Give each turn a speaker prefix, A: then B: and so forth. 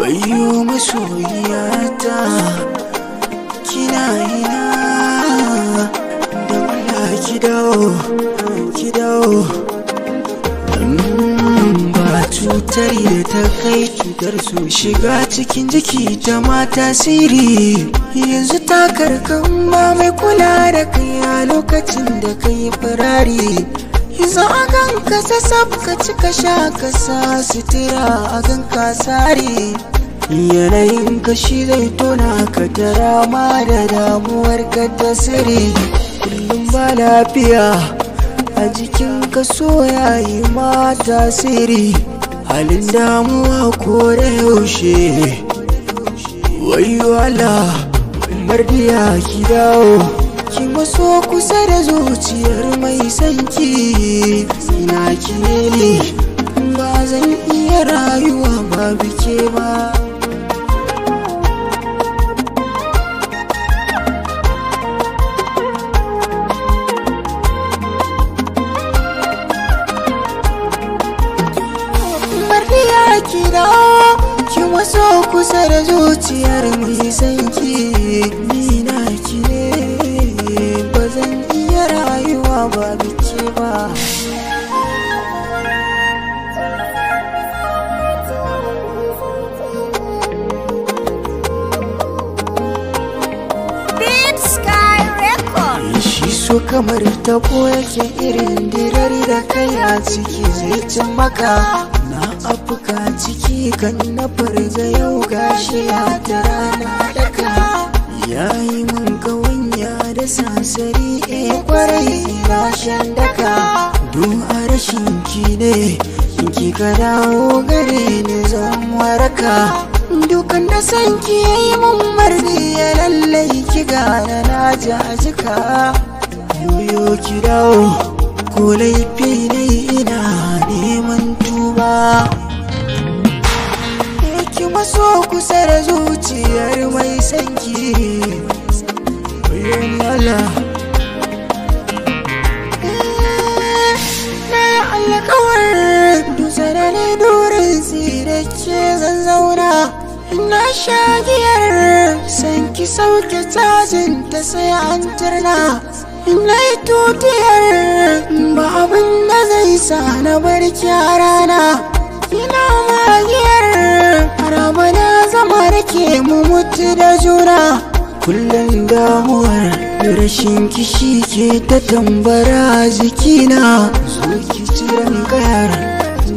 A: Wayo masoyiyata kina ina da ki dawo ki dawo mm, ba cutar da ta kai cutar su shiga cikin jiki ta ma tasiri yanzu ta karkan ba mai kula da kai a lokacin da kai farari Izo a kan kasa sab ka cika sha kasa sutura a kan kasari Yanayin ka shi zai tona ka tara ma da damuwar ka ta Kullum ba lafiya a jikin ka so yayi ma tasiri Halin damuwa ko da yaushe Wayo Allah, mardiya ki dawo ki maso kusa da zuciyar mai sanki ina ki ne ba zan iya rayuwa ba bike ba Kira ki so kusa da zuciyar mai sanki ba biki ba so kamar tabo yake irin dirar da kai a ciki zai cin maka na afuka ciki kan na farza yau gashi a ta rana daga ya yi mun kawanya da sansari e kwarai sashen daka don a rashin ki ne ki ka dawo gari ni zan waraka dukan da san ki yi mun marni ya lallai ki gana na ji a jika yoyo ki dawo ko laifi ne ina neman tuba ki maso kusa da zuciyar mai sanki Allah ce zan zauna na sha giyar san ki sauke tajin ta sai an turna na yi tutiyar ba abin da zai sa na bar a rana ina magiyar haraba na zama rake mu mutu da juna kullum damuwar rashin kishi ke ta tambara jikina zo ki ciran kayar